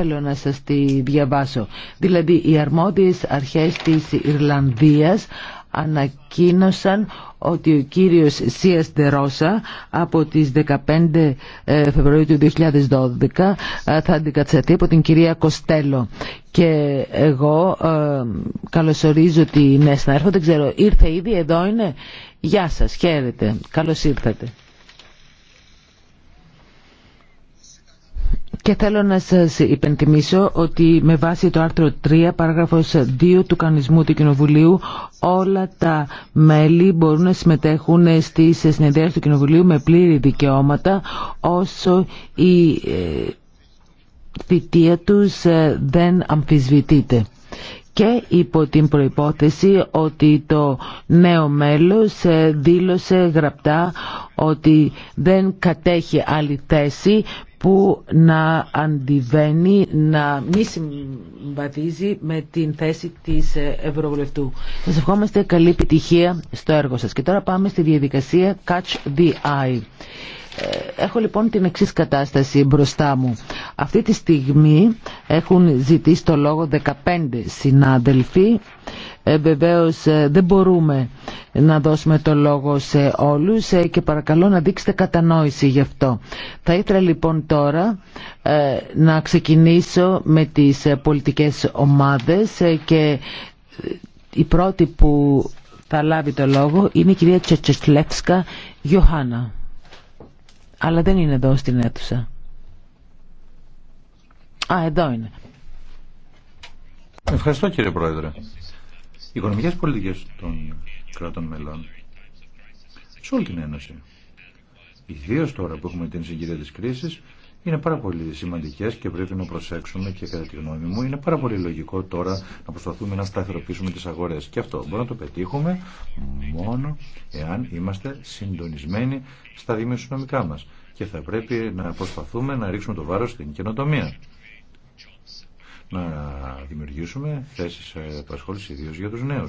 θέλω να σας τη διαβάσω. Δηλαδή οι αρμόδιες αρχές της Ιρλανδίας ανακοίνωσαν ότι ο κύριος Σίας Ντερόσα από τις 15 ε, Φεβρουαρίου του 2012 ε, θα αντικατσαθεί από την κυρία Κοστέλο και εγώ ε, καλωσορίζω την ναι, έρχονται, δεν ξέρω ήρθε ήδη εδώ είναι γεια σας χαίρετε καλώς ήρθατε Και θέλω να σας υπενθυμίσω ότι με βάση το άρθρο 3 παράγραφος 2 του κανονισμού του Κοινοβουλίου όλα τα μέλη μπορούν να συμμετέχουν στις συνεδρίες του Κοινοβουλίου με πλήρη δικαιώματα όσο η ε, θητεία τους ε, δεν αμφισβητείται και υπό την προϋπόθεση ότι το νέο μέλος ε, δήλωσε γραπτά ότι δεν κατέχει άλλη θέση που να αντιβαίνει, να μη συμβαδίζει με την θέση της Ευρωβουλευτού. Σας ευχόμαστε καλή επιτυχία στο έργο σας. Και τώρα πάμε στη διαδικασία Catch the Eye. Ε, έχω λοιπόν την εξή κατάσταση μπροστά μου. Αυτή τη στιγμή έχουν ζητήσει το λόγο 15 συνάδελφοι. Ε, βεβαίως ε, δεν μπορούμε να δώσουμε το λόγο σε όλους ε, και παρακαλώ να δείξετε κατανόηση γι' αυτό. Θα ήθελα λοιπόν τώρα να ξεκινήσω με τις πολιτικές ομάδες και η πρώτη που θα λάβει το λόγο είναι η κυρία Τσετσεσλεύσκα Γιωχάννα αλλά δεν είναι εδώ στην αίθουσα. Α, εδώ είναι. Ευχαριστώ κύριε Πρόεδρε. Οι οικονομικές πολιτικές των κρατών μελών σε όλη την Ένωση. Ιδίω τώρα που έχουμε την συγκυρία της κρίσης είναι πάρα πολύ σημαντικέ και πρέπει να προσέξουμε και κατά τη γνώμη μου είναι πάρα πολύ λογικό τώρα να προσπαθούμε να σταθεροποιήσουμε τις αγορές. Και αυτό μπορούμε να το πετύχουμε μόνο εάν είμαστε συντονισμένοι στα δημοσιονομικά μας. Και θα πρέπει να προσπαθούμε να ρίξουμε το βάρος στην καινοτομία να δημιουργήσουμε θέσει επασχόληση ιδίω για του νέου.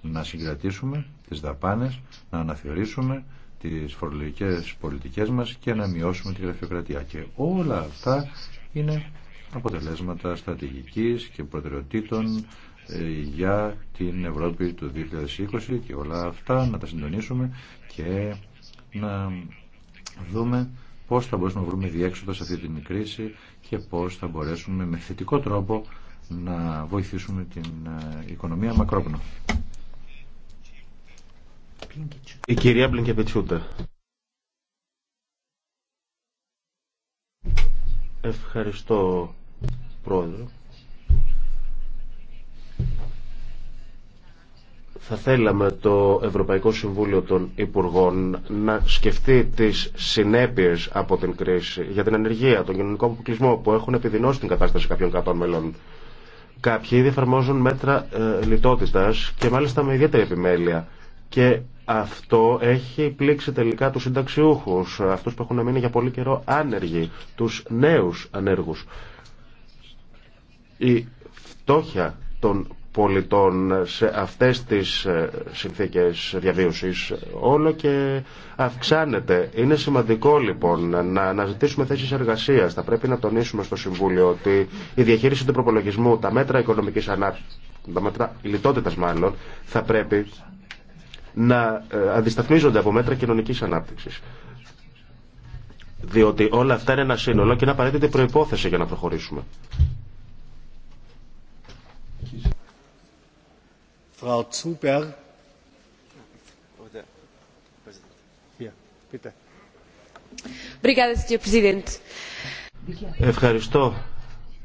να συγκρατήσουμε τι δαπάνε, να αναθεωρήσουμε τις φορολογικές πολιτικές μας και να μειώσουμε τη γραφειοκρατία. Και όλα αυτά είναι αποτελέσματα στρατηγικής και προτεραιοτήτων ε, για την Ευρώπη του 2020 και όλα αυτά να τα συντονίσουμε και να δούμε πώς θα μπορέσουμε να βρούμε διέξοδο σε αυτή την κρίση και πώς θα μπορέσουμε με θετικό τρόπο να βοηθήσουμε την ε, οικονομία μακρόπνο. Η κυρία Μπλινκεπετσούτα. Ευχαριστώ, Πρόεδρο. Θα θέλαμε το Ευρωπαϊκό Συμβούλιο των Υπουργών να σκεφτεί τις συνέπειες από την κρίση για την ανεργία, τον κοινωνικό αποκλεισμό που έχουν επιδεινώσει την κατάσταση κάποιων κάτων μελών. Κάποιοι ήδη εφαρμόζουν μέτρα ε, λιτότητας και μάλιστα με ιδιαίτερη επιμέλεια και αυτό έχει πλήξει τελικά τους συνταξιούχους, αυτούς που έχουν μείνει για πολύ καιρό άνεργοι, τους νέους ανέργους. Η φτώχεια των πολιτών σε αυτές τις ε, συνθήκες διαβίωσης όλο και αυξάνεται. Είναι σημαντικό λοιπόν να αναζητήσουμε θέσεις εργασίας. Θα πρέπει να τονίσουμε στο Συμβούλιο ότι η διαχείριση του προπολογισμού, τα μέτρα οικονομικής ανάπτυξης, τα μέτρα λιτότητας μάλλον, θα πρέπει να ε, αντισταθμίζονται από μέτρα κοινωνική ανάπτυξης. Διότι όλα αυτά είναι ένα σύνολο και είναι απαραίτητη προπόθεση για να προχωρήσουμε. Ευχαριστώ,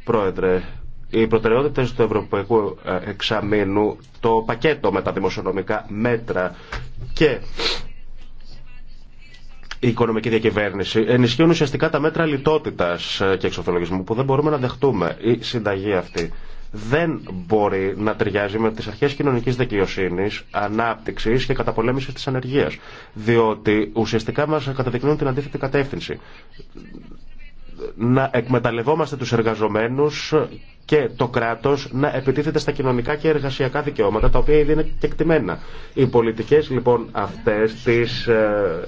Πρόεδρε οι προτεραιότητε του Ευρωπαϊκού ε, Εξαμήνου, το πακέτο με τα δημοσιονομικά μέτρα και η οικονομική διακυβέρνηση ενισχύουν ουσιαστικά τα μέτρα λιτότητα ε, και εξοφλογισμού που δεν μπορούμε να δεχτούμε. Η συνταγή αυτή δεν μπορεί να ταιριάζει με τι αρχέ κοινωνική δικαιοσύνη, ανάπτυξη και καταπολέμηση τη ανεργία. Διότι ουσιαστικά μα καταδεικνύουν την αντίθετη κατεύθυνση να εκμεταλλευόμαστε τους εργαζομένους και το κράτος να επιτίθεται στα κοινωνικά και εργασιακά δικαιώματα, τα οποία ήδη είναι κεκτημένα. Οι πολιτικές λοιπόν αυτές της ε,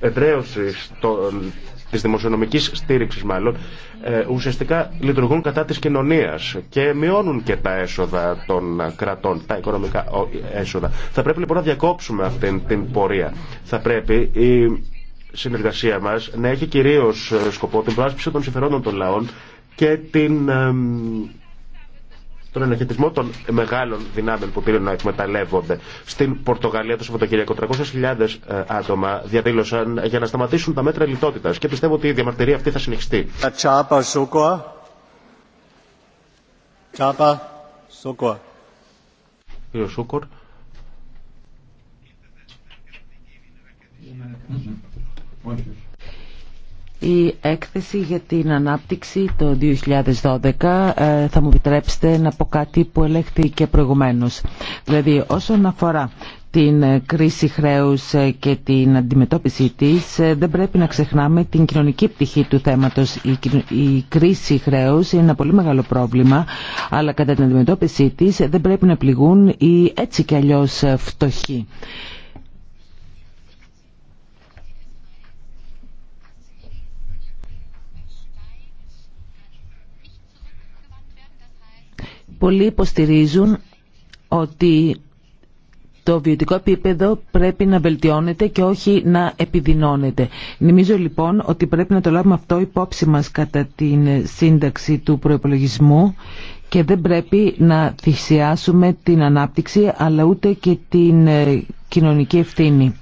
εδραίωσης των της δημοσιονομικής στήριξης μάλλον, ε, ουσιαστικά λειτουργούν κατά της κοινωνίας και μειώνουν και τα έσοδα των κρατών, τα οικονομικά έσοδα. Θα πρέπει λοιπόν να διακόψουμε αυτή την πορεία. Θα πρέπει συνεργασία μας να έχει κυρίως ε, σκοπό την προάσπιση των συμφερόντων των λαών και την, τον ενεχετισμό των μεγάλων δυνάμεων που πήραν να εκμεταλλεύονται. Στην Πορτογαλία το Σαββατοκύριακο 300.000 ε, άτομα διαδήλωσαν για να σταματήσουν τα μέτρα λιτότητας και πιστεύω ότι η διαμαρτυρία αυτή θα συνεχιστεί. Τσάπα Τσάπα η έκθεση για την ανάπτυξη το 2012 ε, θα μου επιτρέψετε να πω κάτι που ελέγχθηκε και προηγουμένως. Δηλαδή όσον αφορά την ε, κρίση χρέους ε, και την αντιμετώπιση της δεν πρέπει να ξεχνάμε την κοινωνική πτυχή του θέματος. Η κρίση χρέους είναι ένα πολύ μεγάλο πρόβλημα αλλά κατά την αντιμετώπιση της δεν πρέπει να πληγούν οι έτσι κι αλλιώς φτωχοί. Πολλοί υποστηρίζουν ότι το βιωτικό επίπεδο πρέπει να βελτιώνεται και όχι να επιδεινώνεται. Νομίζω λοιπόν ότι πρέπει να το λάβουμε αυτό υπόψη μας κατά την σύνταξη του προεπολογισμού και δεν πρέπει να θυσιάσουμε την ανάπτυξη αλλά ούτε και την ε, κοινωνική ευθύνη.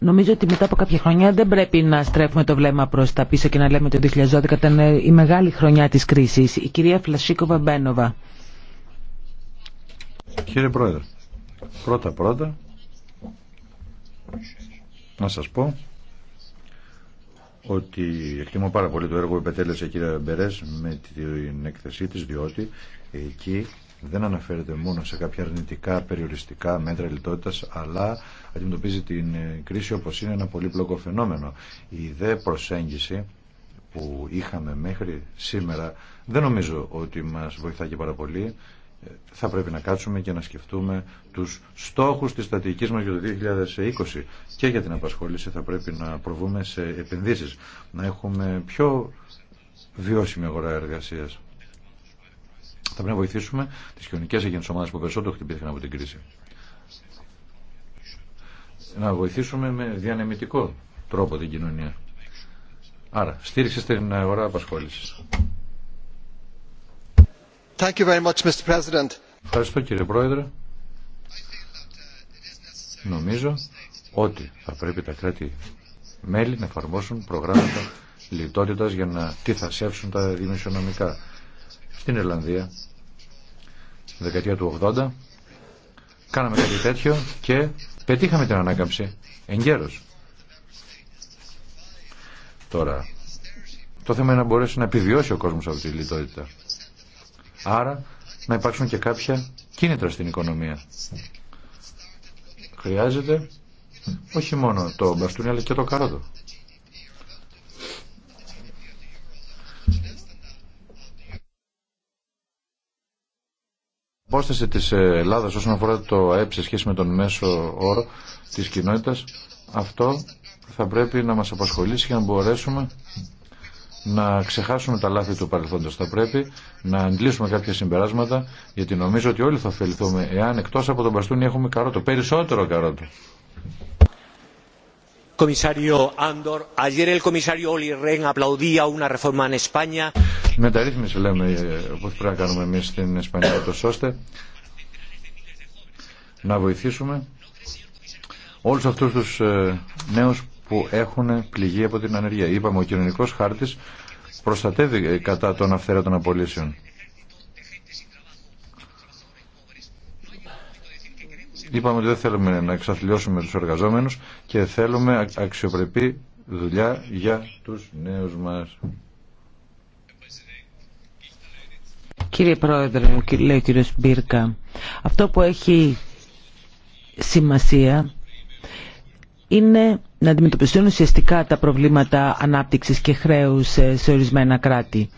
Νομίζω ότι μετά από κάποια χρονιά δεν πρέπει να στρέφουμε το βλέμμα προ τα πίσω και να λέμε ότι το 2012 ήταν η μεγάλη χρονιά τη κρίση. Η κυρία Φλασίκοβα Μπένοβα. Κύριε Πρόεδρε, πρώτα πρώτα να σας πω ότι εκτιμώ πάρα πολύ το έργο που επετέλεσε η κυρία Μπερές με την έκθεσή της διότι εκεί δεν αναφέρεται μόνο σε κάποια αρνητικά περιοριστικά μέτρα λιτότητας αλλά αντιμετωπίζει την ε, κρίση όπως είναι ένα πολύπλοκο φαινόμενο. Η δε προσέγγιση που είχαμε μέχρι σήμερα δεν νομίζω ότι μας βοηθάει και πάρα πολύ. Ε, θα πρέπει να κάτσουμε και να σκεφτούμε τους στόχους της στατικής μας για το 2020 και για την απασχόληση θα πρέπει να προβούμε σε επενδύσεις, να έχουμε πιο βιώσιμη αγορά εργασίας. Θα πρέπει να βοηθήσουμε τις κοινωνικές έγινε ομάδες που περισσότερο χτυπήθηκαν από την κρίση να βοηθήσουμε με διανεμητικό τρόπο την κοινωνία. Άρα, στήριξε στην αγορά απασχόληση. Ευχαριστώ κύριε Πρόεδρε. Νομίζω ότι θα πρέπει τα κράτη-μέλη να εφαρμόσουν προγράμματα λιτότητας για να τίθασεύσουν τα δημοσιονομικά. Στην Ιρλανδία, δεκαετία του 80, Κάναμε κάτι τέτοιο και πετύχαμε την ανάκαμψη εγκαίρως. Τώρα, το θέμα είναι να μπορέσει να επιβιώσει ο κόσμος από τη λιτότητα. Άρα, να υπάρξουν και κάποια κίνητρα στην οικονομία. Χρειάζεται όχι μόνο το μπαστούνι αλλά και το καρότο. υπόσταση της Ελλάδας όσον αφορά το ΑΕΠ σε σχέση με τον μέσο όρο τη κοινότητα, αυτό θα πρέπει να μας απασχολήσει για να μπορέσουμε να ξεχάσουμε τα λάθη του παρελθόντος. Θα πρέπει να αντλήσουμε κάποια συμπεράσματα, γιατί νομίζω ότι όλοι θα ωφεληθούμε εάν εκτός από τον μπαστούνι έχουμε καρότο, περισσότερο καρότο. Κομισάριο Άντορ, ayer el comisario Oli Rehn aplaudía una reforma en España. Μεταρρύθμιση λέμε ε, που πρέπει να κάνουμε εμείς στην Ισπανία τόσο ώστε να βοηθήσουμε όλους αυτούς τους ε, νέους που έχουν πληγεί από την ανεργία. Είπαμε ο κοινωνικός χάρτης προστατεύει ε, κατά των αυθαίρετων απολύσεων. είπαμε ότι δεν θέλουμε να εξαθλιώσουμε τους εργαζόμενους και θέλουμε αξιοπρεπή δουλειά για τους νέους μας. Κύριε Πρόεδρε, λέει ο κύριος Μπίρκα, αυτό που έχει σημασία είναι να αντιμετωπιστούν ουσιαστικά τα προβλήματα ανάπτυξης και χρέους ε, σε ορισμένα κράτη.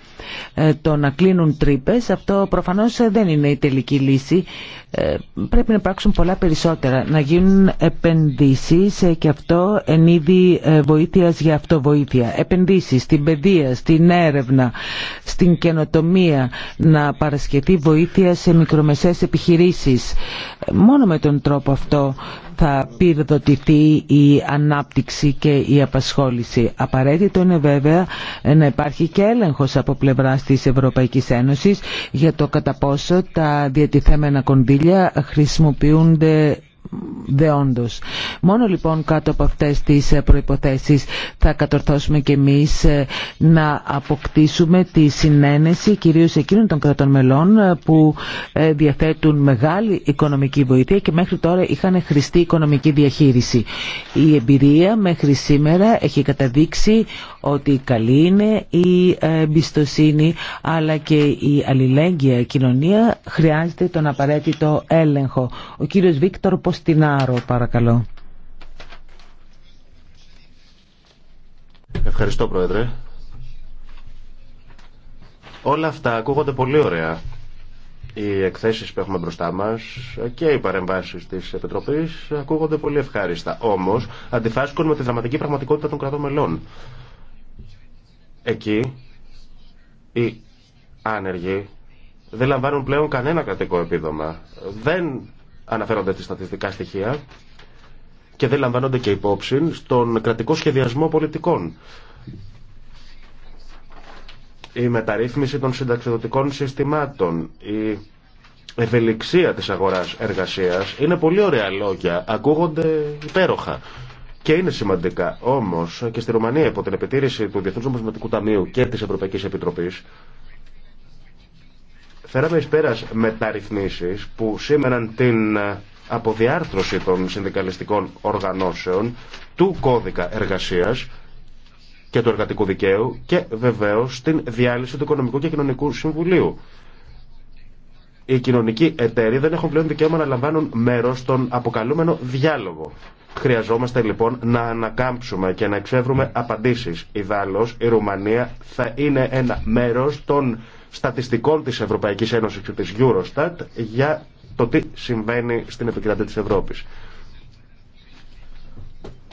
Ε, το να κλείνουν τρύπε, αυτό προφανώς ε, δεν είναι η τελική λύση. Ε, πρέπει να υπάρξουν πολλά περισσότερα, να γίνουν επενδύσεις και αυτό εν είδη βοήθειας για αυτοβοήθεια. Επενδύσεις στην παιδεία, στην έρευνα, στην καινοτομία, να παρασκευτεί βοήθεια σε μικρομεσαίες επιχειρήσεις. Μόνο με τον τρόπο αυτό θα πυροδοτηθεί η ανάπτυξη και η απασχόληση. Απαραίτητο είναι βέβαια να υπάρχει και έλεγχος από πλευράς της Ευρωπαϊκής Ένωσης για το κατά πόσο τα διατηθέμενα κονδύλια χρησιμοποιούνται δεόντως. Μόνο λοιπόν κάτω από αυτές τις προϋποθέσεις θα κατορθώσουμε και εμείς ε, να αποκτήσουμε τη συνένεση κυρίως εκείνων των κρατών μελών ε, που ε, διαθέτουν μεγάλη οικονομική βοήθεια και μέχρι τώρα είχαν χρηστή οικονομική διαχείριση. Η εμπειρία μέχρι σήμερα έχει καταδείξει ότι καλή είναι η εμπιστοσύνη αλλά και η αλληλέγγυα κοινωνία χρειάζεται τον απαραίτητο έλεγχο. Ο κύριος Βίκτορ Ποστινάρο παρακαλώ. Ευχαριστώ Πρόεδρε. Όλα αυτά ακούγονται πολύ ωραία. Οι εκθέσεις που έχουμε μπροστά μας και οι παρεμβάσεις της Επιτροπής ακούγονται πολύ ευχάριστα. Όμως αντιφάσκουν με τη δραματική πραγματικότητα των κρατών μελών. Εκεί οι άνεργοι δεν λαμβάνουν πλέον κανένα κρατικό επίδομα. Δεν αναφέρονται τις στατιστικά στοιχεία και δεν λαμβάνονται και υπόψη στον κρατικό σχεδιασμό πολιτικών. Η μεταρρύθμιση των συνταξιδοτικών συστημάτων, η ευελιξία της αγοράς εργασίας είναι πολύ ωραία λόγια, ακούγονται υπέροχα και είναι σημαντικά. Όμω και στη Ρουμανία, υπό την επιτήρηση του Διεθνού Νομισματικού Ταμείου και τη Ευρωπαϊκή Επιτροπή, φέραμε ει πέρα μεταρρυθμίσει που σήμεραν την ε, αποδιάρθρωση των συνδικαλιστικών οργανώσεων, του κώδικα εργασία και του εργατικού δικαίου και βεβαίω την διάλυση του Οικονομικού και Κοινωνικού Συμβουλίου. Οι κοινωνικοί εταίροι δεν έχουν πλέον δικαίωμα να λαμβάνουν μέρο στον αποκαλούμενο διάλογο Χρειαζόμαστε λοιπόν να ανακάμψουμε και να εξεύρουμε απαντήσεις. Ιδάλλως η Ρουμανία θα είναι ένα μέρος των στατιστικών της Ευρωπαϊκής Ένωσης και της Eurostat για το τι συμβαίνει στην επικρατεία της Ευρώπης.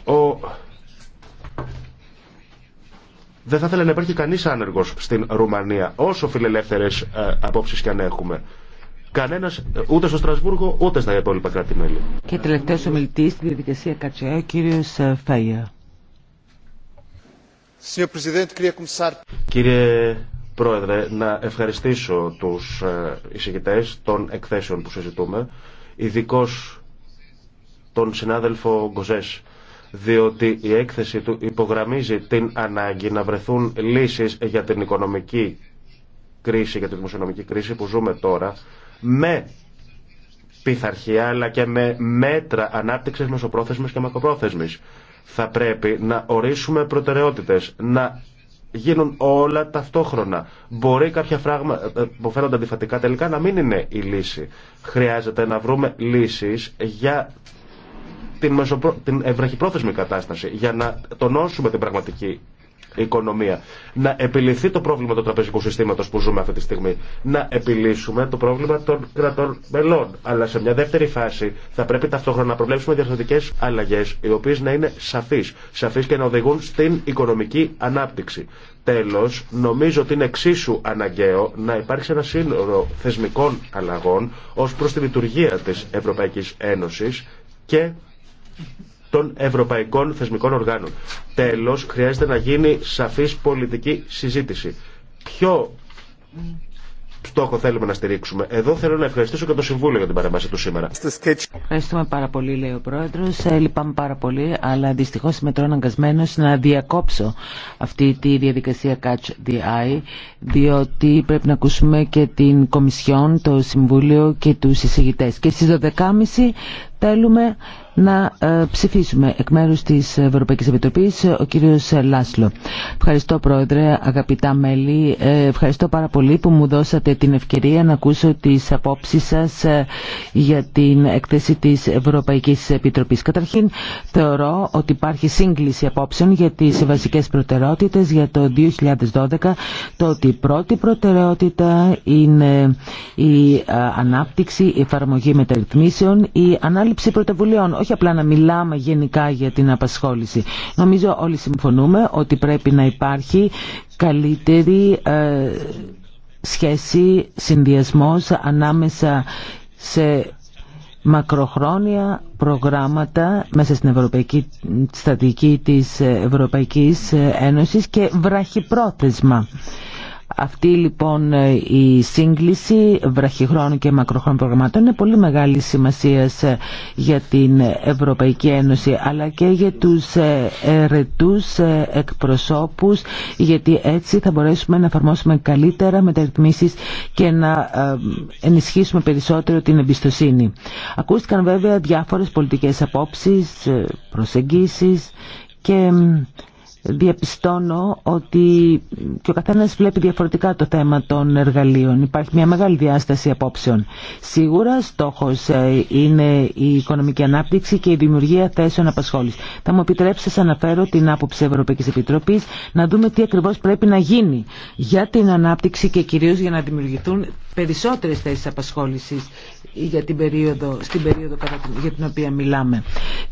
Ο... Δεν θα ήθελε να υπάρχει κανείς άνεργος στην Ρουμανία, όσο φιλελεύθερες ε, απόψεις και αν έχουμε. Κανένα ούτε στο Στρασβούργο ούτε στα υπόλοιπα κράτη-μέλη. Και τελευταίο ομιλητή στη διαδικασία Κατσέα, ο κύριο ε, Φαία. Κύριε Πρόεδρε, να ευχαριστήσω του ε, εισηγητέ των εκθέσεων που συζητούμε, ειδικώ τον συνάδελφο Γκοζέ διότι η έκθεση του υπογραμμίζει την ανάγκη να βρεθούν λύσεις για την οικονομική κρίση, για την δημοσιονομική κρίση που ζούμε τώρα με πειθαρχία αλλά και με μέτρα ανάπτυξης μεσοπρόθεσμης και μακροπρόθεσμης. Θα πρέπει να ορίσουμε προτεραιότητες, να γίνουν όλα ταυτόχρονα. Μπορεί κάποια πράγματα ε, ε, που φαίνονται αντιφατικά τελικά να μην είναι η λύση. Χρειάζεται να βρούμε λύσεις για την, μεσοπρό... την ευραχυπρόθεσμη κατάσταση, για να τονώσουμε την πραγματική οικονομία. Να επιληθεί το πρόβλημα του τραπεζικού συστήματο που ζούμε αυτή τη στιγμή. Να επιλύσουμε το πρόβλημα των κρατών μελών. Αλλά σε μια δεύτερη φάση θα πρέπει ταυτόχρονα να προβλέψουμε διαρθρωτικέ αλλαγέ, οι οποίε να είναι σαφεί. Σαφεί και να οδηγούν στην οικονομική ανάπτυξη. Τέλο, νομίζω ότι είναι εξίσου αναγκαίο να υπάρξει ένα σύνορο θεσμικών αλλαγών ω προ τη λειτουργία τη Ευρωπαϊκή Ένωση και των ευρωπαϊκών θεσμικών οργάνων. Τέλο, χρειάζεται να γίνει σαφή πολιτική συζήτηση. Ποιο στόχο θέλουμε να στηρίξουμε. Εδώ θέλω να ευχαριστήσω και το Συμβούλιο για την παρέμβαση του σήμερα. Ευχαριστούμε πάρα πολύ, λέει ο Πρόεδρο. Ε, λυπάμαι πάρα πολύ, αλλά δυστυχώ είμαι τώρα αναγκασμένο να διακόψω αυτή τη διαδικασία Catch the Eye, διότι πρέπει να ακούσουμε και την Κομισιόν, το Συμβούλιο και του συζητητέ. Και στι 12.30 Θέλουμε να ε, ψηφίσουμε εκ μέρους της Ευρωπαϊκής Επιτροπής ε, ο κύριος ε, Λάσλο. Ευχαριστώ πρόεδρε, αγαπητά μέλη. Ευχαριστώ πάρα πολύ που μου δώσατε την ευκαιρία να ακούσω τις απόψεις σας για την εκθέση της Ευρωπαϊκής Επιτροπής. Καταρχήν θεωρώ ότι υπάρχει σύγκληση απόψεων για τις βασικές προτεραιότητες για το 2012. Το ότι η πρώτη προτεραιότητα είναι η ανάπτυξη, η εφαρμογή μεταρρυθμίσεων, η έλλειψη πρωτοβουλειών, όχι απλά να μιλάμε γενικά για την απασχόληση. Νομίζω όλοι συμφωνούμε ότι πρέπει να υπάρχει καλύτερη ε, σχέση, συνδυασμός ανάμεσα σε μακροχρόνια προγράμματα μέσα στην Ευρωπαϊκή Στατική της Ευρωπαϊκής Ένωσης και βραχυπρόθεσμα. Αυτή λοιπόν η σύγκληση βραχυχρόνου και μακροχρόνων προγραμμάτων είναι πολύ μεγάλη σημασία για την Ευρωπαϊκή Ένωση αλλά και για τους ε, ερετούς ε, εκπροσώπους γιατί έτσι θα μπορέσουμε να εφαρμόσουμε καλύτερα μεταρρυθμίσεις και να ε, ενισχύσουμε περισσότερο την εμπιστοσύνη. Ακούστηκαν βέβαια διάφορες πολιτικές απόψεις, προσεγγίσεις και διαπιστώνω ότι και ο καθένας βλέπει διαφορετικά το θέμα των εργαλείων. Υπάρχει μια μεγάλη διάσταση απόψεων. Σίγουρα στόχος ε, είναι η οικονομική ανάπτυξη και η δημιουργία θέσεων απασχόλησης. Θα μου επιτρέψεις να αναφέρω την άποψη Ευρωπαϊκής Επιτροπής να δούμε τι ακριβώς πρέπει να γίνει για την ανάπτυξη και κυρίως για να δημιουργηθούν περισσότερες θέσεις απασχόλησης για την περίοδο, στην περίοδο κατά για την οποία μιλάμε.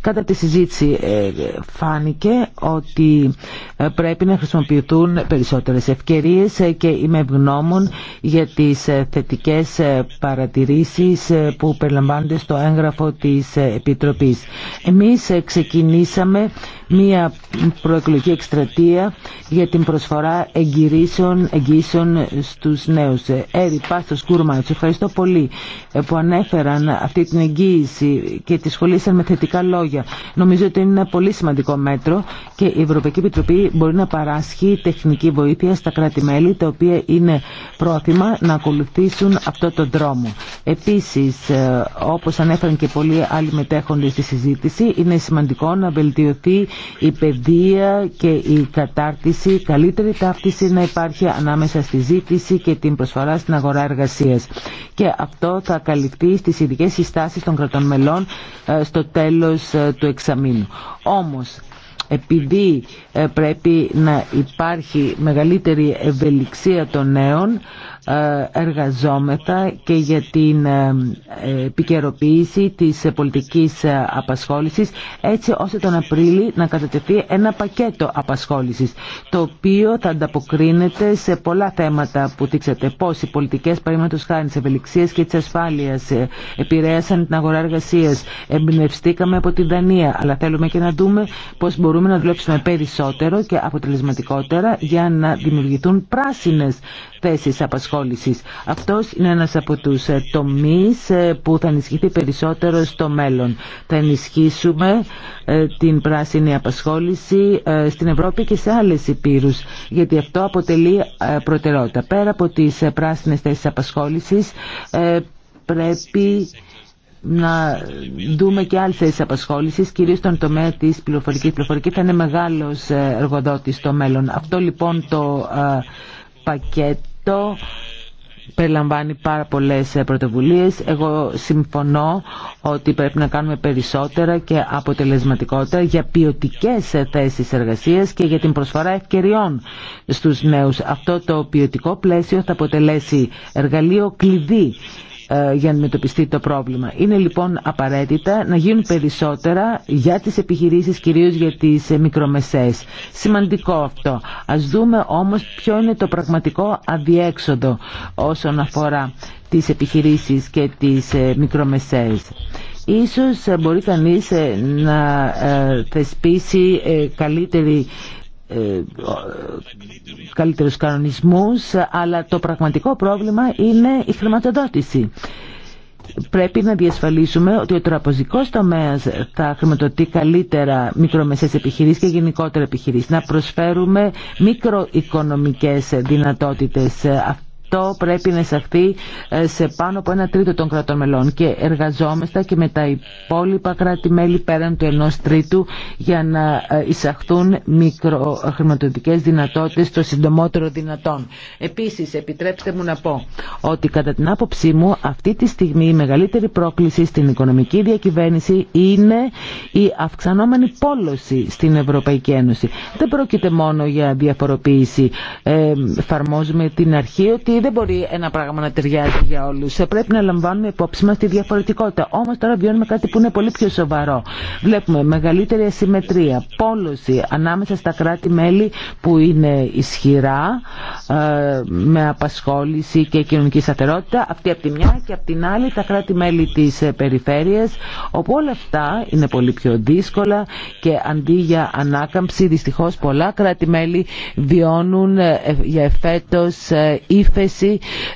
Κατά τη συζήτηση ε, φάνηκε ότι ε, πρέπει να χρησιμοποιηθούν περισσότερες ευκαιρίες ε, και είμαι ευγνώμων για τις θετικές παρατηρήσεις που περιλαμβάνονται στο έγγραφο της Επιτροπής. Εμείς ξεκινήσαμε μία προεκλογική εκστρατεία για την προσφορά εγκυρίσεων, εγγύσεων στους νέους. Ε, Έρη Πάστος Κούρμα, ευχαριστώ πολύ ε, που ανέφεραν αυτή την εγγύηση και τη σχολήσαν με θετικά λόγια. Νομίζω ότι είναι ένα πολύ σημαντικό μέτρο και η Ευρωπαϊκή Επιτροπή μπορεί να παράσχει τεχνική βοήθεια στα κράτη-μέλη τα οποία είναι πρόθυμα να ακολουθήσουν αυτό τον δρόμο. Επίσης, ε, όπως ανέφεραν και πολλοί άλλοι μετέχοντες στη συζήτηση, είναι σημαντικό να βελτιωθεί η παιδεία και η κατάρτιση, καλύτερη ταύτιση να υπάρχει ανάμεσα στη ζήτηση και την προσφορά στην αγορά εργασία. Και αυτό θα καλυφθεί στι ειδικέ συστάσεις των κρατών μελών ε, στο τέλος ε, του εξαμήνου. Όμως, επειδή ε, πρέπει να υπάρχει μεγαλύτερη ευελιξία των νέων, ε, εργαζόμεθα και για την ε, ε, επικαιροποίηση της πολιτικής απασχόλησης έτσι ώστε τον Απρίλη να κατατεθεί ένα πακέτο απασχόλησης το οποίο θα ανταποκρίνεται σε πολλά θέματα που δείξατε πώς οι πολιτικές παρήματος χάρη της ευελιξίας και της ασφάλειας επηρέασαν την αγορά εργασίας εμπνευστήκαμε από την Δανία αλλά θέλουμε και να δούμε πώς μπορούμε να δουλέψουμε περισσότερο και αποτελεσματικότερα για να δημιουργηθούν πράσινες θέσεις απασχόλησης. Αυτός είναι ένας από τους ε, τομείς ε, που θα ενισχυθεί περισσότερο στο μέλλον. Θα ενισχύσουμε ε, την πράσινη απασχόληση στην Ευρώπη και σε άλλες υπήρους, γιατί αυτό αποτελεί προτεραιότητα. Πέρα από τις πράσινες θέσεις απασχόλησης, πρέπει να δούμε και άλλες θέσεις απασχόλησης, κυρίως στον τομέα της πληροφορικής. Η πληροφορική θα είναι μεγάλος εργοδότης στο μέλλον. Αυτό λοιπόν το πακέτο αυτό περιλαμβάνει πάρα πολλές ε, πρωτοβουλίες. Εγώ συμφωνώ ότι πρέπει να κάνουμε περισσότερα και αποτελεσματικότερα για ποιοτικέ ε, θέσεις εργασίας και για την προσφορά ευκαιριών στους νέους. Αυτό το ποιοτικό πλαίσιο θα αποτελέσει εργαλείο κλειδί ε, για να αντιμετωπιστεί το πρόβλημα. Είναι λοιπόν απαραίτητα να γίνουν περισσότερα για τις επιχειρήσεις, κυρίως για τις ε, μικρομεσαίες. Σημαντικό αυτό. Ας δούμε όμως ποιο είναι το πραγματικό αδιέξοδο όσον αφορά τις επιχειρήσεις και τις ε, μικρομεσαίες. Ίσως μπορεί κανείς να θεσπίσει καλύτερη ε, καλύτερους κανονισμούς, αλλά το πραγματικό πρόβλημα είναι η χρηματοδότηση. Πρέπει να διασφαλίσουμε ότι ο τραπεζικός τομέας θα χρηματοδοτεί καλύτερα μικρομεσαίες επιχειρήσεις και γενικότερα επιχειρήσεις. Να προσφέρουμε μικροοικονομικές δυνατότητες αυτό πρέπει να εισαχθεί ε, σε πάνω από ένα τρίτο των κρατών μελών και εργαζόμαστε και με τα υπόλοιπα κράτη-μέλη πέραν του ενό τρίτου για να ε, εισαχθούν μικροχρηματοδοτικέ δυνατότητε στο συντομότερο δυνατόν. Επίση, επιτρέψτε μου να πω ότι κατά την άποψή μου αυτή τη στιγμή η μεγαλύτερη πρόκληση στην οικονομική διακυβέρνηση είναι η αυξανόμενη πόλωση στην Ευρωπαϊκή Ένωση. Δεν πρόκειται μόνο για διαφοροποίηση. Ε, εφαρμόζουμε την αρχή ότι δεν μπορεί ένα πράγμα να ταιριάζει για όλου. Ε, πρέπει να λαμβάνουμε υπόψη μα τη διαφορετικότητα. Όμω τώρα βιώνουμε κάτι που είναι πολύ πιο σοβαρό. Βλέπουμε μεγαλύτερη ασυμμετρία, πόλωση ανάμεσα στα κράτη-μέλη που είναι ισχυρά, ε, με απασχόληση και κοινωνική σταθερότητα, αυτή από τη μια και από την άλλη τα κράτη-μέλη τη ε, περιφέρεια, όπου όλα αυτά είναι πολύ πιο δύσκολα και αντί για ανάκαμψη, δυστυχώ πολλά κράτη-μέλη βιώνουν για εφέτο ύφεση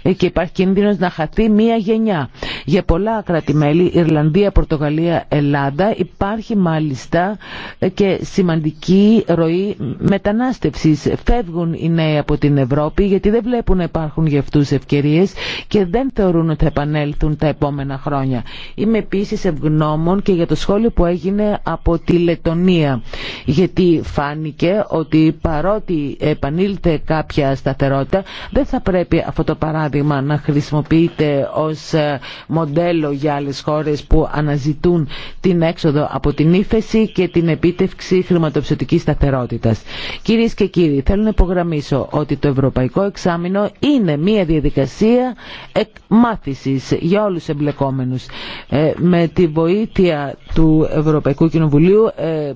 ε, και υπάρχει κίνδυνος να χαθεί μία γενιά. Για πολλά κράτη-μέλη, Ιρλανδία, Πορτογαλία, Ελλάδα, υπάρχει μάλιστα ε, και σημαντική ροή μετανάστευσης. Φεύγουν οι νέοι από την Ευρώπη γιατί δεν βλέπουν να υπάρχουν για αυτούς ευκαιρίες και δεν θεωρούν ότι θα επανέλθουν τα επόμενα χρόνια. Είμαι επίσης ευγνώμων και για το σχόλιο που έγινε από τη Λετωνία γιατί φάνηκε ότι παρότι επανήλθε κάποια σταθερότητα δεν θα πρέπει αυτό το παράδειγμα να χρησιμοποιείται ως ε, μοντέλο για άλλες χώρες που αναζητούν την έξοδο από την ύφεση και την επίτευξη χρηματοψητικής σταθερότητας. Κυρίες και κύριοι, θέλω να υπογραμμίσω ότι το Ευρωπαϊκό Εξάμεινο είναι μια διαδικασία μάθησης για όλους τους εμπλεκόμενους. Ε, με τη βοήθεια του Ευρωπαϊκού Κοινοβουλίου ε,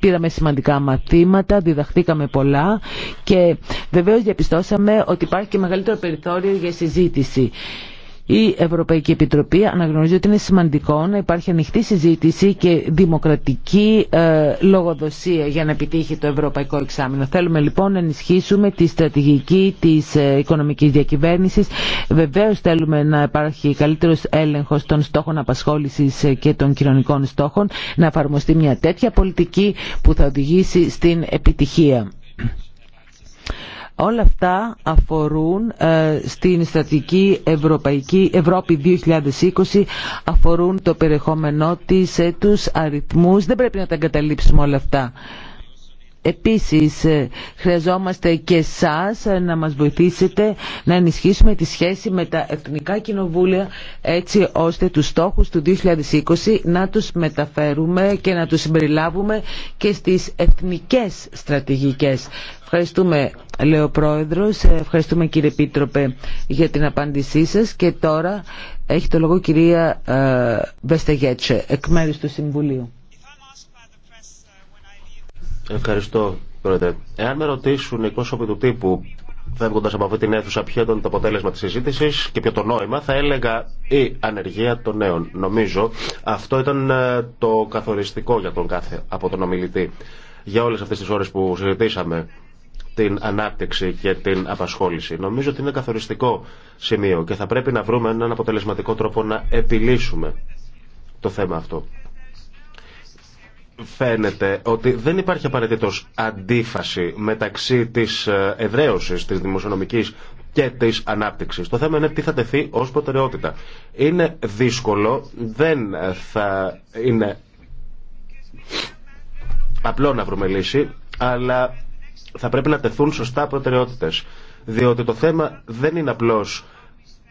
πήραμε σημαντικά μαθήματα, διδαχτήκαμε πολλά και βεβαίως διαπιστώσαμε ότι υπάρχει και μεγαλύτερο περιθώριο για συζήτηση. Η Ευρωπαϊκή Επιτροπή αναγνωρίζει ότι είναι σημαντικό να υπάρχει ανοιχτή συζήτηση και δημοκρατική ε, λογοδοσία για να επιτύχει το Ευρωπαϊκό Εξάμεινο. Θέλουμε λοιπόν να ενισχύσουμε τη στρατηγική τη ε, οικονομικής διακυβέρνησης. θέλουμε να υπάρχει καλύτερος έλεγχος των στόχων απασχόλησης ε, και των κοινωνικών στόχων, να εφαρμοστεί μια τέτοια πολιτική που θα οδηγήσει στην επιτυχία. Όλα αυτά αφορούν ε, στην στρατηγική Ευρωπαϊκή Ευρώπη 2020, αφορούν το περιεχόμενό της, τους αριθμούς. Δεν πρέπει να τα εγκαταλείψουμε όλα αυτά. Επίσης, ε, χρειαζόμαστε και εσάς ε, να μας βοηθήσετε να ενισχύσουμε τη σχέση με τα Εθνικά Κοινοβούλια έτσι ώστε τους στόχους του 2020 να τους μεταφέρουμε και να τους συμπεριλάβουμε και στις εθνικές στρατηγικές. Ευχαριστούμε, ο Πρόεδρος, ε, ευχαριστούμε κύριε Πίτροπε, για την απάντησή σας και τώρα έχει το λόγο κυρία Βεσταγέτσε εκ μέρους του Συμβουλίου. Ευχαριστώ, Πρόεδρε. Εάν με ρωτήσουν οι κόσμοι του τύπου φεύγοντα από αυτή την αίθουσα, ποιο ήταν το αποτέλεσμα τη συζήτηση και ποιο το νόημα, θα έλεγα η ανεργία των νέων. Νομίζω αυτό ήταν ε, το καθοριστικό για τον κάθε από τον ομιλητή. Για όλε αυτέ τι ώρε που συζητήσαμε την ανάπτυξη και την απασχόληση. Νομίζω ότι είναι καθοριστικό σημείο και θα πρέπει να βρούμε έναν αποτελεσματικό τρόπο να επιλύσουμε το θέμα αυτό φαίνεται ότι δεν υπάρχει απαραίτητο αντίφαση μεταξύ της ε, εδραίωση τη δημοσιονομική και τη ανάπτυξη. Το θέμα είναι τι θα τεθεί ω προτεραιότητα. Είναι δύσκολο, δεν θα είναι απλό να βρούμε λύση, αλλά θα πρέπει να τεθούν σωστά προτεραιότητε. Διότι το θέμα δεν είναι απλώς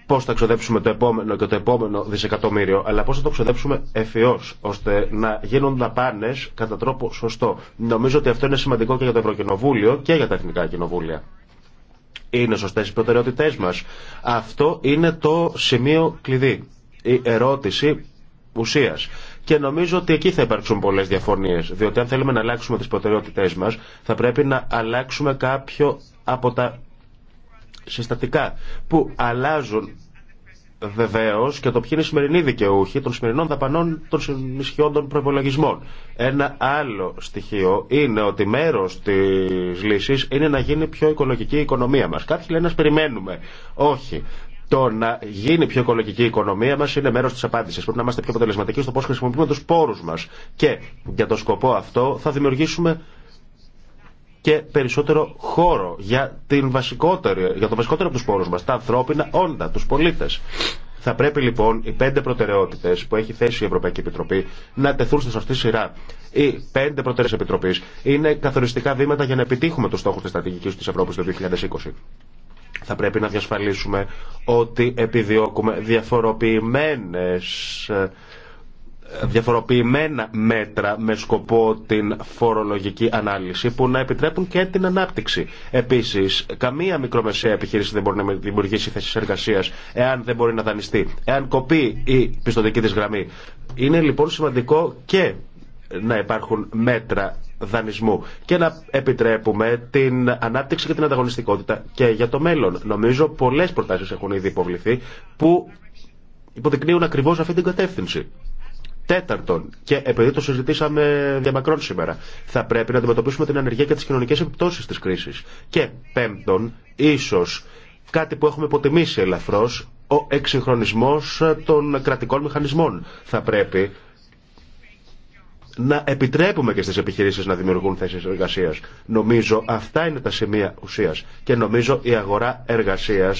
πώ θα ξοδέψουμε το επόμενο και το επόμενο δισεκατομμύριο, αλλά πώ θα το ξοδέψουμε ευφυώ, ώστε να γίνουν δαπάνε κατά τρόπο σωστό. Νομίζω ότι αυτό είναι σημαντικό και για το Ευρωκοινοβούλιο και για τα Εθνικά Κοινοβούλια. Είναι σωστέ οι προτεραιότητέ μα. Αυτό είναι το σημείο κλειδί. Η ερώτηση ουσία. Και νομίζω ότι εκεί θα υπάρξουν πολλέ διαφωνίε. Διότι αν θέλουμε να αλλάξουμε τι προτεραιότητέ μα, θα πρέπει να αλλάξουμε κάποιο από τα συστατικά που αλλάζουν βεβαίω και το ποιοι είναι οι σημερινοί δικαιούχοι των σημερινών δαπανών των των προπολογισμών. Ένα άλλο στοιχείο είναι ότι μέρο τη λύση είναι να γίνει πιο οικολογική η οικονομία μα. Κάποιοι λένε να περιμένουμε. Όχι. Το να γίνει πιο οικολογική η οικονομία μα είναι μέρο τη απάντηση. Πρέπει να είμαστε πιο αποτελεσματικοί στο πώ χρησιμοποιούμε του πόρου μα. Και για τον σκοπό αυτό θα δημιουργήσουμε και περισσότερο χώρο για, την βασικότερη, για το βασικότερο από τους πόρους μας, τα ανθρώπινα όντα, τους πολίτες. Θα πρέπει λοιπόν οι πέντε προτεραιότητε που έχει θέσει η Ευρωπαϊκή Επιτροπή να τεθούν σε σωστή σειρά. Οι πέντε προτεραιότητε επιτροπής είναι καθοριστικά βήματα για να επιτύχουμε τους στόχους της στρατηγικής της Ευρώπης το 2020. Θα πρέπει να διασφαλίσουμε ότι επιδιώκουμε διαφοροποιημένες ε, διαφοροποιημένα μέτρα με σκοπό την φορολογική ανάλυση που να επιτρέπουν και την ανάπτυξη. Επίση, καμία μικρομεσαία επιχείρηση δεν μπορεί να δημιουργήσει θέσει εργασία εάν δεν μπορεί να δανειστεί, εάν κοπεί η πιστοτική τη γραμμή. Είναι λοιπόν σημαντικό και να υπάρχουν μέτρα δανεισμού και να επιτρέπουμε την ανάπτυξη και την ανταγωνιστικότητα και για το μέλλον. Νομίζω πολλές προτάσεις έχουν ήδη υποβληθεί που υποδεικνύουν ακριβώς αυτή την κατεύθυνση. Τέταρτον, και επειδή το συζητήσαμε διαμακρόν σήμερα, θα πρέπει να αντιμετωπίσουμε την ανεργία και τι κοινωνικέ επιπτώσει τη κρίση. Και πέμπτον, ίσω κάτι που έχουμε υποτιμήσει ελαφρώ, ο εξυγχρονισμό των κρατικών μηχανισμών. Θα πρέπει να επιτρέπουμε και στις επιχειρήσεις να δημιουργούν θέσεις εργασία. Νομίζω αυτά είναι τα σημεία ουσία και νομίζω η αγορά εργασία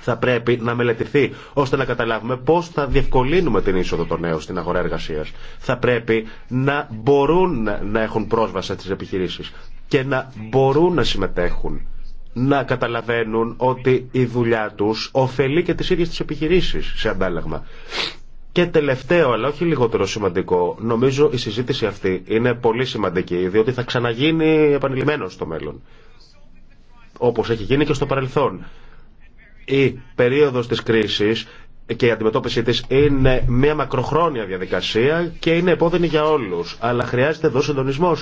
θα πρέπει να μελετηθεί ώστε να καταλάβουμε πώ θα διευκολύνουμε την είσοδο των νέων στην αγορά εργασία. Θα πρέπει να μπορούν να έχουν πρόσβαση στι επιχειρήσει και να μπορούν να συμμετέχουν. Να καταλαβαίνουν ότι η δουλειά τους ωφελεί και τις ίδιε τι επιχειρήσεις σε αντάλλαγμα. Και τελευταίο, αλλά όχι λιγότερο σημαντικό, νομίζω η συζήτηση αυτή είναι πολύ σημαντική, διότι θα ξαναγίνει επανειλημμένο στο μέλλον. όπως έχει γίνει και στο παρελθόν η περίοδος της κρίσης και η αντιμετώπιση της είναι μια μακροχρόνια διαδικασία και είναι επώδυνη για όλους. Αλλά χρειάζεται εδώ συντονισμό.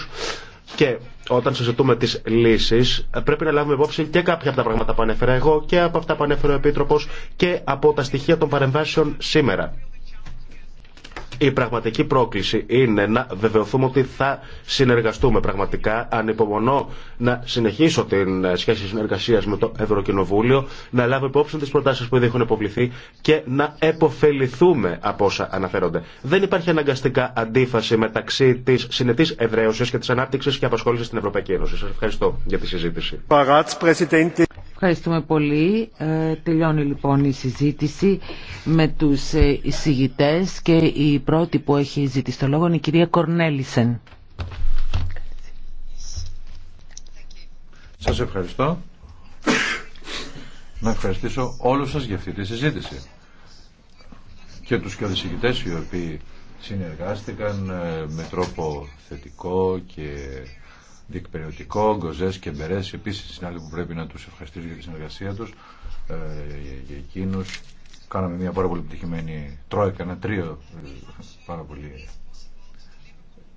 Και όταν συζητούμε τις λύσεις πρέπει να λάβουμε υπόψη και κάποια από τα πράγματα που ανέφερα εγώ και από αυτά που ανέφερε ο Επίτροπος και από τα στοιχεία των παρεμβάσεων σήμερα. Η πραγματική πρόκληση είναι να βεβαιωθούμε ότι θα συνεργαστούμε πραγματικά. Ανυπομονώ να συνεχίσω την σχέση συνεργασία με το Ευρωκοινοβούλιο, να λάβω υπόψη τι προτάσει που ήδη έχουν υποβληθεί και να επωφεληθούμε από όσα αναφέρονται. Δεν υπάρχει αναγκαστικά αντίφαση μεταξύ τη συνετή ευρέωση και τη ανάπτυξη και απασχόληση στην Ευρωπαϊκή Ένωση. Σα ευχαριστώ για τη συζήτηση. Ευχαριστούμε πολύ. Ε, τελειώνει λοιπόν η συζήτηση με τους ε, εισηγητές και οι πρώτη που έχει ζητήσει το λόγο είναι η κυρία Κορνέλισεν. Σας ευχαριστώ. Να ευχαριστήσω όλους σας για αυτή τη συζήτηση. Και τους και οι οποίοι συνεργάστηκαν ε, με τρόπο θετικό και διεκπαιρεωτικό, Γκοζές και Μπερές, επίσης άλλοι που πρέπει να τους ευχαριστήσω για τη συνεργασία τους, ε, για εκείνους κάναμε μια πάρα πολύ επιτυχημένη τρόικα, ένα τρίο πάρα πολύ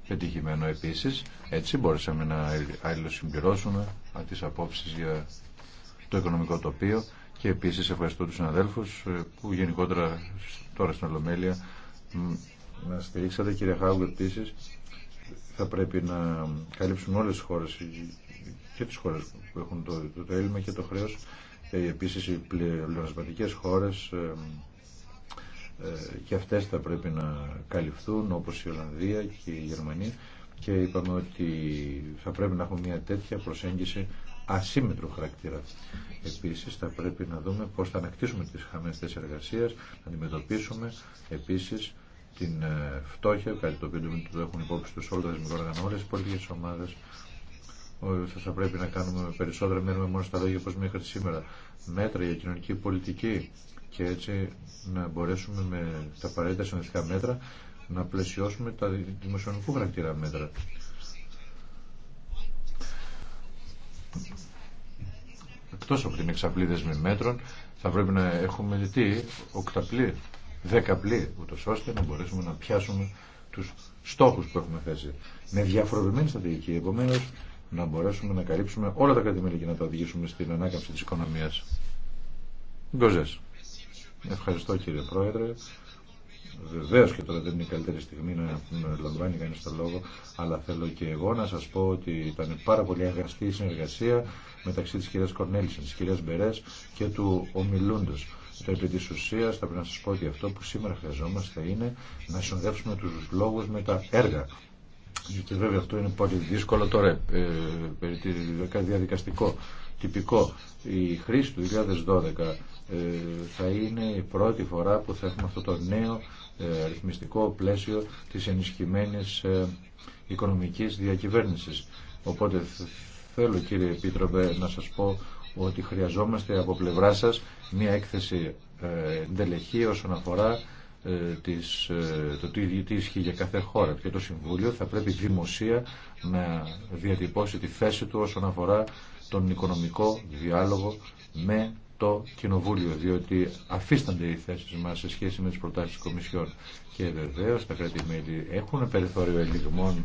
πετυχημένο επίσης. Έτσι μπορέσαμε να αλληλοσυμπληρώσουμε τις απόψεις για το οικονομικό τοπίο και επίσης ευχαριστώ τους συναδέλφους ε, που γενικότερα τώρα στην Ολομέλεια να στηρίξατε κύριε Χάουγκ επίσης θα πρέπει να καλύψουν όλες τις χώρες και τις χώρες που έχουν το, το, το έλλειμμα και το χρέος ε, επίσης οι πλεονασματικές χώρες ε, ε, και αυτές θα πρέπει να καλυφθούν όπως η Ολλανδία και η Γερμανία και είπαμε ότι θα πρέπει να έχουμε μια τέτοια προσέγγιση ασύμμετρου χαρακτήρα. Επίση, θα πρέπει να δούμε πώ θα ανακτήσουμε τι χαμένε θέσει εργασία, να αντιμετωπίσουμε επίση την φτώχεια, κάτι το οποίο το έχουν υπόψη του όλε τι μικροοργανώσει, πολιτικέ ομάδε θα πρέπει να κάνουμε περισσότερα, μένουμε μόνο στα λόγια όπως μέχρι σήμερα. Μέτρα για κοινωνική πολιτική και έτσι να μπορέσουμε με τα απαραίτητα συνοδευτικά μέτρα να πλαισιώσουμε τα δημοσιονομικού χαρακτήρα μέτρα. Εκτός από την εξαπλή δεσμή μέτρων θα πρέπει να έχουμε τι, οκταπλή, δεκαπλή, ούτως ώστε να μπορέσουμε να πιάσουμε τους στόχους που έχουμε θέσει. Με διαφοροποιημένη στρατηγική, επομένως, να μπορέσουμε να καλύψουμε όλα τα κατημέρια και να τα οδηγήσουμε στην ανάκαμψη της οικονομίας. Γκοζές. Ευχαριστώ κύριε Πρόεδρε. Βεβαίω και τώρα δεν είναι η καλύτερη στιγμή να λαμβάνει κανεί το λόγο, αλλά θέλω και εγώ να σα πω ότι ήταν πάρα πολύ αγαστή η συνεργασία μεταξύ τη κυρία Κορνέλη, τη κυρία Μπερέ και του ομιλούντο. Επί τη ουσία, θα πρέπει να σα πω ότι αυτό που σήμερα χρειαζόμαστε είναι να συνοδεύσουμε του λόγου με τα έργα. Και βέβαια αυτό είναι πολύ δύσκολο τώρα, ε, διαδικαστικό, τυπικό. Η χρήση του 2012 ε, θα είναι η πρώτη φορά που θα έχουμε αυτό το νέο ε, αριθμιστικό πλαίσιο της ενισχυμένης ε, οικονομικής διακυβέρνησης. Οπότε θέλω κύριε Επίτροπε να σας πω ότι χρειαζόμαστε από πλευρά σας μια έκθεση εντελεχή όσον αφορά ε, της, ε, το τι, ισχύει για κάθε χώρα και το Συμβούλιο θα πρέπει δημοσία να διατυπώσει τη θέση του όσον αφορά τον οικονομικό διάλογο με το Κοινοβούλιο, διότι αφίστανται οι θέσεις μας σε σχέση με τις προτάσεις της Κομισιόν. Και βεβαίως τα κράτη-μέλη έχουν περιθώριο ελιγμών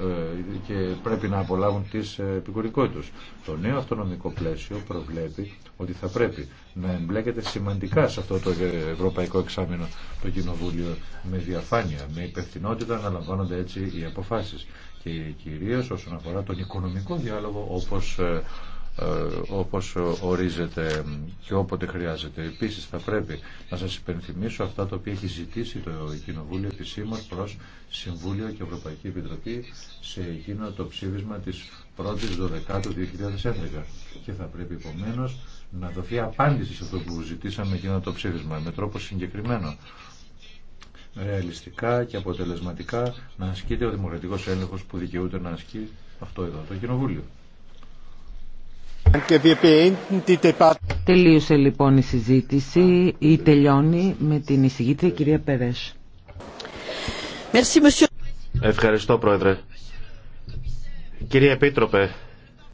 ε, και πρέπει να απολάβουν τις ε, επικουρικότητες. Το νέο αυτονομικό πλαίσιο προβλέπει ότι θα πρέπει να εμπλέκεται σημαντικά σε αυτό το ε, ευρωπαϊκό εξάμεινο το κοινοβούλιο με διαφάνεια, με υπευθυνότητα να λαμβάνονται έτσι οι αποφάσεις και κυρίως όσον αφορά τον οικονομικό διάλογο όπως ε, όπως ορίζεται και όποτε χρειάζεται. Επίσης θα πρέπει να σας υπενθυμίσω αυτά τα οποία έχει ζητήσει το Κοινοβούλιο επισήμως προς Συμβούλιο και Ευρωπαϊκή Επιτροπή σε εκείνο το ψήφισμα της 1ης 12 του 2011 και θα πρέπει επομένω να δοθεί απάντηση σε αυτό που ζητήσαμε εκείνο το ψήφισμα με τρόπο συγκεκριμένο ρεαλιστικά και αποτελεσματικά να ασκείται ο δημοκρατικός έλεγχος που δικαιούται να ασκεί αυτό εδώ το Κοινοβούλιο. Τελείωσε λοιπόν η συζήτηση ή τελειώνει με την εισηγήτρια κυρία Περές. Ευχαριστώ Πρόεδρε. Κύριε Επίτροπε,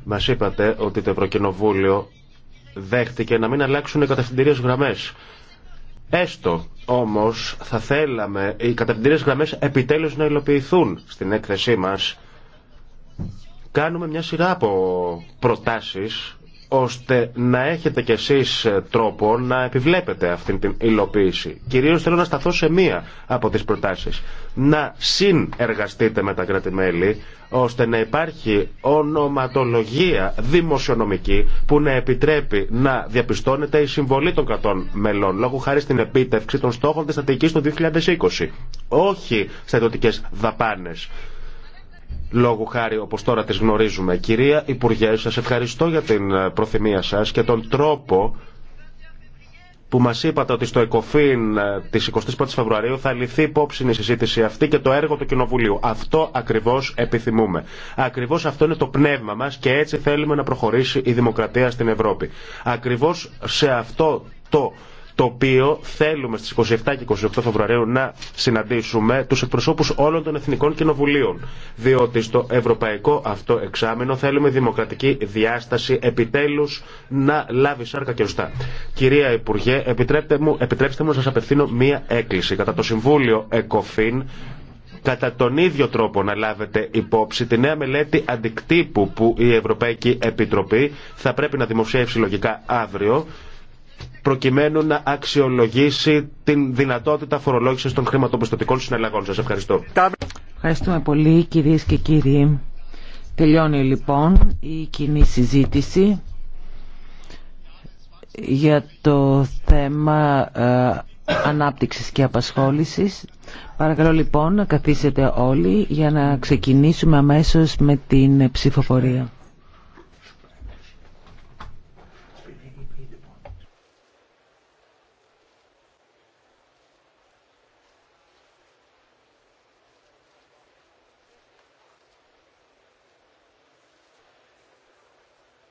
μας είπατε ότι το Ευρωκοινοβούλιο δέχτηκε να μην αλλάξουν οι κατευθυντήριες γραμμές. Έστω όμως θα θέλαμε οι κατευθυντήριες γραμμές επιτέλους να υλοποιηθούν στην έκθεσή μας κάνουμε μια σειρά από προτάσεις ώστε να έχετε κι εσείς τρόπο να επιβλέπετε αυτήν την υλοποίηση. Κυρίως θέλω να σταθώ σε μία από τις προτάσεις. Να συνεργαστείτε με τα κράτη-μέλη ώστε να υπάρχει ονοματολογία δημοσιονομική που να επιτρέπει να διαπιστώνεται η συμβολή των κρατών μελών λόγω χάρη στην επίτευξη των στόχων της στρατηγικής του 2020. Όχι στα ιδιωτικές δαπάνες λόγου χάρη όπως τώρα τις γνωρίζουμε. Κυρία Υπουργέ, σας ευχαριστώ για την ε, προθυμία σας και τον τρόπο που μας είπατε ότι στο ΕΚΟΦΗΝ ε, της 21ης Φεβρουαρίου θα λυθεί υπόψη η συζήτηση αυτή και το έργο του Κοινοβουλίου. Αυτό ακριβώς επιθυμούμε. Ακριβώς αυτό είναι το πνεύμα μας και έτσι θέλουμε να προχωρήσει η δημοκρατία στην Ευρώπη. Ακριβώς σε αυτό το το οποίο θέλουμε στις 27 και 28 Φεβρουαρίου να συναντήσουμε τους εκπροσώπους όλων των Εθνικών Κοινοβουλίων. Διότι στο ευρωπαϊκό αυτό εξάμεινο θέλουμε δημοκρατική διάσταση επιτέλους να λάβει σάρκα και ουστά. Κυρία Υπουργέ, επιτρέψτε μου, επιτρέψτε μου να σας απευθύνω μία έκκληση. Κατά το Συμβούλιο ΕΚΟΦΗΝ κατά τον ίδιο τρόπο να λάβετε υπόψη τη νέα μελέτη αντικτύπου που η Ευρωπαϊκή Επιτροπή θα πρέπει να δημοσιεύσει λογικά αύριο προκειμένου να αξιολογήσει την δυνατότητα φορολόγησης των χρηματοπιστωτικών συναλλαγών. Σας ευχαριστώ. Ευχαριστούμε πολύ κυρίες και κύριοι. Τελειώνει λοιπόν η κοινή συζήτηση για το θέμα ε, ανάπτυξης και απασχόλησης. Παρακαλώ λοιπόν να καθίσετε όλοι για να ξεκινήσουμε αμέσως με την ψηφοφορία.